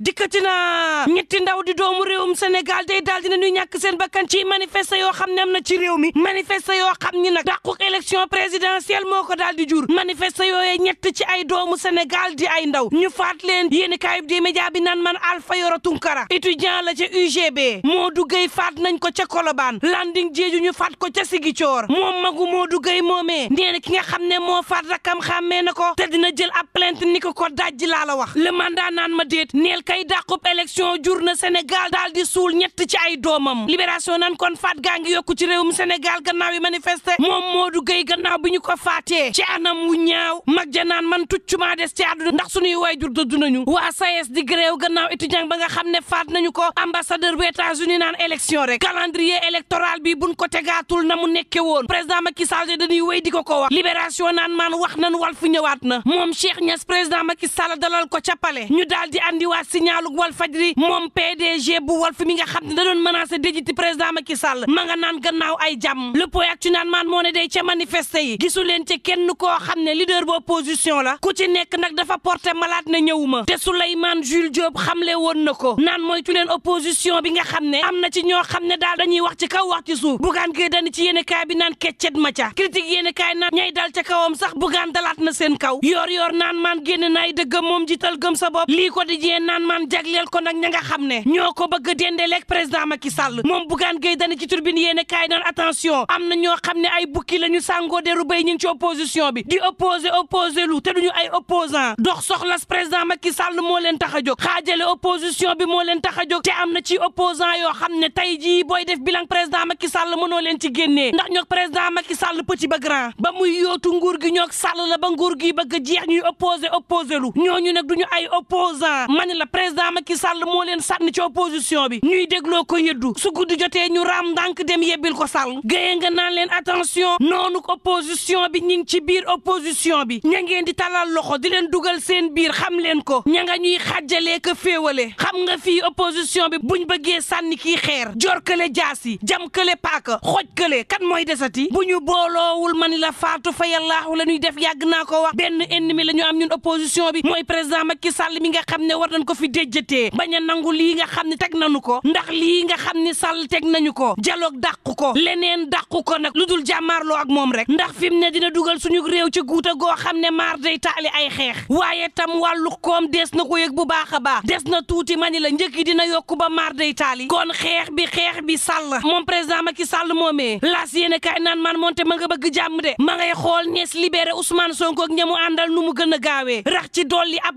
dikkati na ñetti ndaw di doomu réewum Sénégal day daal na ñuy ñàkk seen bakkan ci manifeste yoo xam ne am na ci réew mi manifeste yoo xam ni nag dàquk élection présidentielle moo ko daal di jur yoo yooye ñett ci ay doomu Sénégal di ay ndaw ñu faat leen yéeni kaayub di média bi naan man alfa Yoro Tunkara étudiant la ca UGB Modou Gueye faat nañ ko ca Colobane Landing Jeeju ñu faat ko ca Sigicoor moom magu Modou Gueye moomee nee na ki nga xam ne moo faat rakam xàmmee na ko te dina jël ab plainte ni ko ko dajji laa la wax le mandat ma déet neel kay dàqub élection jur na Sénégal daal di suul ñett ci ay doomam libération nan kon faat gaa ngi yokku ci réewum Sénégal gannaaw yi manifesté moom Modou Gueye gannaaw bi ñu ko faatee ci anam wu ñaaw mag ja naan man tuccumaa des ci àdduna ndax suñuy waajur dëddu nañu waa SAES di gréew gannaaw étudiant ba nga xam ne faat nañu ko ambassadeur bu États-Unis naan élection rek calendrier bi buñ ko tegaatul na mu nekke woon président Macky Sall dañuy wéy di ko ko wax libération naan maan wax nan wal fu ñëwaat na moom Cheikh Niass président Macky Sall dalal ko ca palais ñu signaluk wal fajri moom PDG bu wal fi mi nga xam ne da doon menacé déjiti président Macky Sall ma nga naan gannaaw ay jàmm le point ak ci naan maan moo ne day ca manifesté yi gisu leen ci kenn koo xam ne leader bu opposition la ku ci nekk nag dafa porté malade ne ñëwuma te Souleymane Jules Diop xamle woon na ko naan moytu leen opposition bi nga xam ne am na ci ñoo xam ne daal dañuy wax ci kaw wax ci suuf bugaan gee dañu ci yéene kaay bi naan keccet ma ca critique yéene kaay naan ñay dal ca kawam sax bugaan dalaat na seen kaw yoor yoor naan maan génn naay dëggam moom jiital gëm sa bopp lii ko di jee man jagleel ko nag ña nga xam ne ñoo ko bëgg a dendaleeg président Macky Sall moom Bougane Gueye Dany ci turbine yéene kaay naan attention am na ñoo xam ne ay bukki la ñu sàngoo de béy ñu ngi ci opposition bi di opposé opposé lu te duñu ay opposant dox soxlas président Macky Sall moo leen tax a jóg xaajale opposition bi moo leen tax a am na ci opposant yoo xam ne tey jii booy def bilan président Macky Sall mënoo leen ci génnee ndax ñoo président Macky Sall petit ba grand ba muy yootu nguur gi ñoog Sall la ba nguur gi bëgg a jeex ñuy opposé opposé lu ñooñu nag duñu ay opposant man la président Macky Sall moo leen sànni ci opposition bi ñuy dégloo ko yëddu su jotee ñu raam ndànk dem yebbil ko Sall géyee nga naan leen attention noonu opposition bi ñi ngi ci biir opposition bi ña ngeen di talal loxo di leen dugal seen biir xam leen ko ña nga ñuy xàjjalee ko féewale xam nga fii opposition bi buñ bëggee sànni kii xeer jor kële jaas yi jam kële paaka xoj kële kan mooy desati bu ñu booloowul man la faatu fa yàllaahu la ñuy def yàgg naa ko wax benn ennemi la ñu am ñun bi mooy président Macky Sall mi nga fi déjjatee bañ a nangu lii nga xam ne teg nañu ko ndax dax nga xam ne sàll teg nañu ko dialogue dàqu ko leneen dàqu ko na lu dul jàmmaarloo ak moom rek ndax fi mu ne dina dugal suñu réew ci guuta goo xam ne maar day taali ay xeex waaye tam wàllu koom dees na ko yëg bu baax baax des na tuuti ma mani la njëkk dina yokku ba maar day taali kon xeex bi xeex bi sàll moom président Macky Sall moomee las yéene kaay naan man moonte ma nga bëgg jàmm de ma ngay xool nees libéré Ousmane Sonko ak ñamu àndal nu mu a gaawee rax ci dolli ab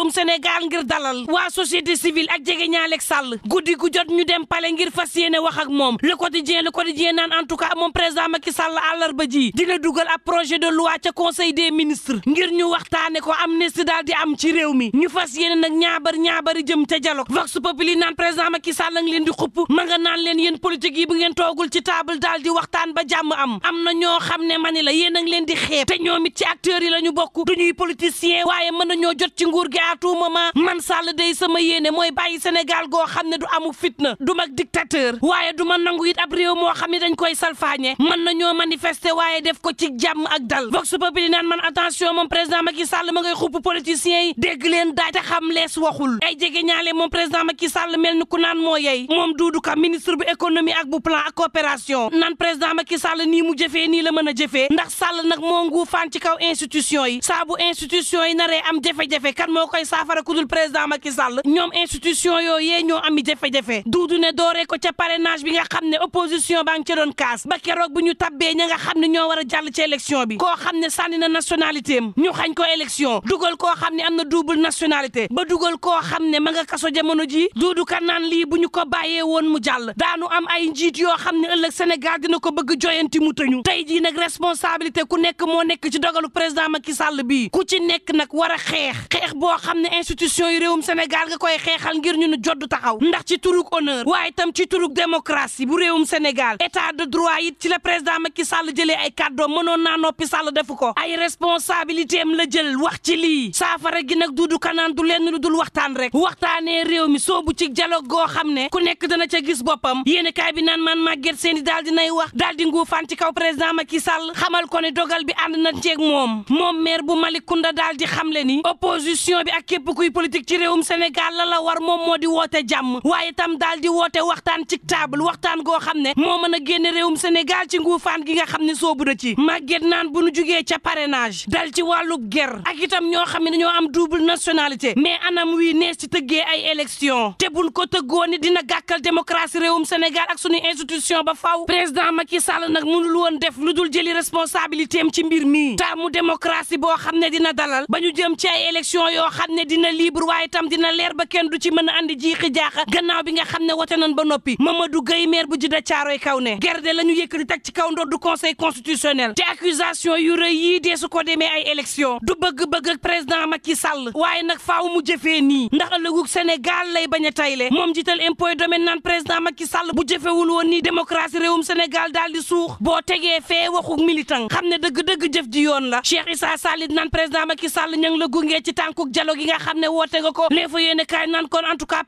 réewum Sénégal ngir dalal waa société civile ak jege ñaaleeg Sall guddi gu jot ñu dem pale ngir fas yéene wax ak moom le quotidien le quotidien naan en tout cas moom président Macky Sall àllarba ji dina dugal ab projet de loi ca conseil des ministres ngir ñu waxtaane ko amnistie daal di am ci réew mi ñu fas yéene nag ñaabar ñaabari jëm ca dialogue vox populi naan président Macky Sall a leen di xupp ma nga naan leen yéen politique yi bu ngeen toogul ci table daal di ba jàmm am am na ñoo xam ne mani la yéen a leen di xeeb te ci acteurs yi la ñu bokk duñuy politicien waaye mën na jot ci nguur gi à tout man Sall day sama yéene mooy bàyyi Sénégal goo xam ne du amuk na du mag dictateur waaye du ma nangu it ab réew moo xam ni dañ koy salfaañe mën nañoo manifester waaye def ko ci jàmm ak dal vox populi naan man attention moom président Macky Sall ma ngay xupp politiciens yi dégg leen daaj te xam lees waxul ay jege ñaale moom président Macky Sall mel ni ku naan moo yey moom Doudou Ka ministre bu économie ak bu plan ak coopération naan président Macky Sall nii mu jëfee nii la mën a jëfee ndax Sall nag moo nguufaan kaw institution yi saa bu institution yi naree am jafe koy saafara ku dul président Macky Sall ñoom institution yooyu yee ñoo ami jafe-jafe duudu ne dooree ko ca parrainage bi nga xam ne opposition baa ngi ca doon kaas ba keroog bu ñu tabbee ña nga xam ne ñoo war a jàll ci élection bi koo xam ne sànni na nationalité am ñu xañ ko élection dugal koo xam ne am na double nationalité ba dugal koo xam ne maga kaso jamono ji duudu ka naan lii bu ñu ko bàyyee woon mu jàll daanu am ay njiit yoo xam ne ëllëg Sénégal dina ko bëgg joyanti mu tëñu tey jii nag responsabilité ku nekk moo nekk ci dogalu président Macky Sall bii ku ci nekk nag war a xeex xeex boo xam ne institution yi réewum Sénégal nga koy xeexal ngir ñu nu jodd taxaw ndax ci turuk honneur waaye tam ci turuk démocratie bu réewum Sénégal état de droit it ci la président Macky Sall jëlee ay kàddoom mënoon naa noppi Sall defu ko ay responsabilité am la jël wax ci lii saafara gi nag duudu kanaan du lenn lu dul waxtaan rek waxtaanee réew mi soobu ci dialogue goo xam ne ku nekk dana ca gis boppam yéen kaay bi naan man màgget seeni i daal nay wax daal di nguufaan ci kaw président Macky Sall xamal ko ne dogal bi ànd na ceeg moom moom maire bu Malicounda daal di xamle ni opposition bi nag képp kuy politique ci réewum Sénégal la war moom moo di woote jàmm waaye tam dal di woote waxtaan ci table waxtaan goo xam ne moo mën a génne réewum Sénégal ci nguufaan gi nga xam ne soobu na ci màgget naan bu nu jugee ca parrainage dal ci wàllub ger ak itam ñoo xam ne dañoo am double nationalité mais anam wi nees ci tëggee ay élection tebul ko tëggoo ni dina gàkkal démocratie réewum Sénégal ak suñu institution ba faaw président Macky Sall nag mënul woon def lu dul jëli responsabilité am ci mbir mi taamu démocratie boo xam ne dina dalal ba ñu jëm ci ay élection yoo ne dina libre waaye tam dina leer ba kenn du ci mën a andi jiixi jaaxa gannaaw bi nga xam ne wote nañ ba noppi Mamadou Gueye maire bu jidda caaroy kaw ne gerde la ñu yëkkati teg ci kaw ndoddu conseil constitutionnel te accusation yu rëy yii dee su ko demee ay élection du bëgg-bëgg ak président Macky Sall waaye nag faaw mu jëfee nii ndax ëllëgu Sénégal lay bañ a tayle moom jiital impôt domaine naan président Macky Sall bu jëfewul woon nii démocratie réewum Sénégal daal di suux boo tegee fee waxu militant xam ne dëgg-dëgg jëf ji yoon la Cheikh Issa Sall naan président Macky Sall ña ngi la gungee ci tànkuk dialogue gi nga xam ne woote nga ko léefa yéene kaay naan kon en tout cas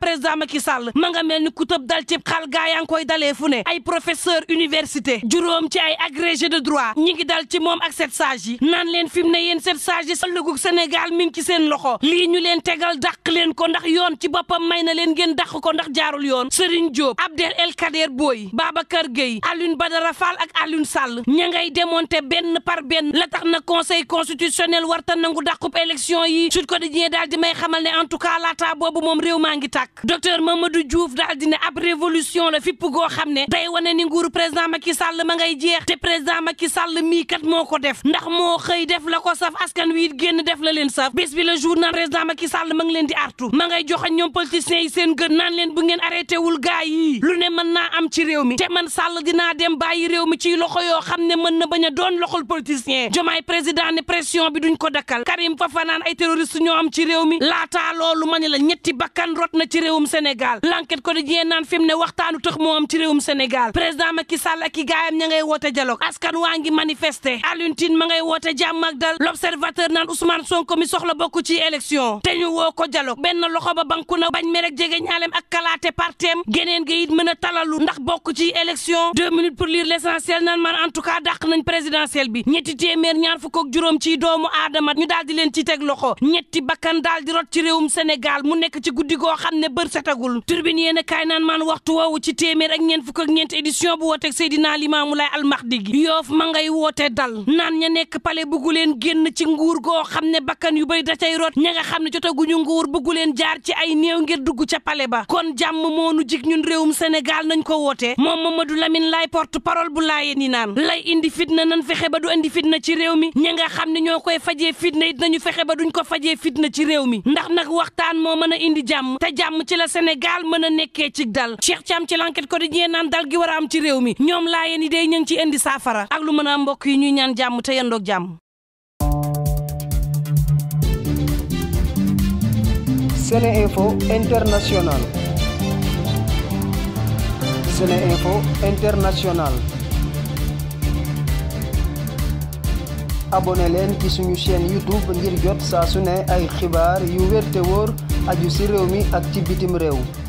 Sall ma mel ni ku dal cib xal gaa koy dalee fu ne ay professeur université juróom ci ay agrégé de droit ñi ngi dal ci moom ak sept sages yi naan leen fi mu ne yéen sept sages yi ëllëgu Sénégal mi ngi ci seen loxo lii ñu leen tegal dàq leen ko ndax yoon ci boppam may na leen ngeen dàq ko ndax jaarul yoon Serigne Diop Abdel El Kader Boy Babacar Gueye Alioune Badara Fall ak Alioune Sall ña ngay démonter benn par benn la tax na conseil constitutionnel warta nangu dàqub élection yi Sud Quotidien daal di may xamal ne en tout moom réew maa ngi di la fipp goo xam ne day wane ni nguuru président Macky Sall ma ngay jeex te président Macky Sall mii kat moo ko def ndax moo xëy def la ko saf askan wi génn def la leen saf bi le journal président Macky Sall ma leen di artu ma ngay joxañ ñoom politiciens yi seen gën naan leen bu ngeen arrêté wul gaay yi lu ne mën naa am ci réew mi te man Sall dinaa dem bàyyi réew mi ci loxo yoo xam ne man na bañ a doon loxol politicien jomaay président ne pression bi duñ ko dakkal Karim Fofana ay terroriste ñoo am ci ci réew mi laataa loolu ma la ñetti bakkan rot na ci réewum Sénégal l'enquête quotidien naan fi ne waxtaanu tëx moo am ci réewum Sénégal président Macky Sall ak i gaayam ña ngay woote dialogue askan waa ngi manifester Alioune Tine ma ngay woote jàmm ak dal l'observateur naan Ousmane Sonko mi soxla bokk ci élection te ñu woo ko dialogue benn loxo ba banku na bañ merek jege ñaaleem ak kalaate parteem geneen ga it mën a talalu ndax bokk ci élection deux minutes pour lire l'essentiel naan man en tout cas dàq nañ présidentiel bi ñetti téeméer ñaar fukk ak juróom ci doomu aadama ñu daal di leen ci teg loxo bakkan daal di rot ci réewum Sénégal mu nekk ci guddi goo xam ne bër setagul turbine yéen a kaay naan maan waxtu woowu ci téeméer ak ñeent fukk ak ñeent édition bu wooteeg Seydina Limaamu Laay almaxdi gi yoof ma ngay woote dal naan ña nekk pale buggu leen génn ci nguur goo xam ne bakkan yu bëri da cay rot ña nga xam ne jotaguñu nguur buggu leen jaar ci ay néew ngir dugg ca pale ba kon jàmm moonu jig ñun réewum Sénégal nañ ko woote moom Mamadou Lamine Laay porte parole bu laayee ni naan lay indi fitna nan fexe ba du indi fitna ci réew mi ña nga xam ne ñoo koy fajee réew mi ndax nag waxtaan moo mën a indi jàmm te jàmm ci la Sénégal mën a nekkee ci dal Cheikh Thiam ci l'enquête quotidien naan dal gi war a am ci réew mi ñoom laayeen ni day ñu ngi ci indi saafara ak lu mën a mbokk yi ñuy ñaan jàmm te yendoog jàmm Seneinfo International abone leen ci suñu chaîne YouTube ngir jot saa su ne ay xibaar yu wér wóor aju ci réew mi ak ci bitim réew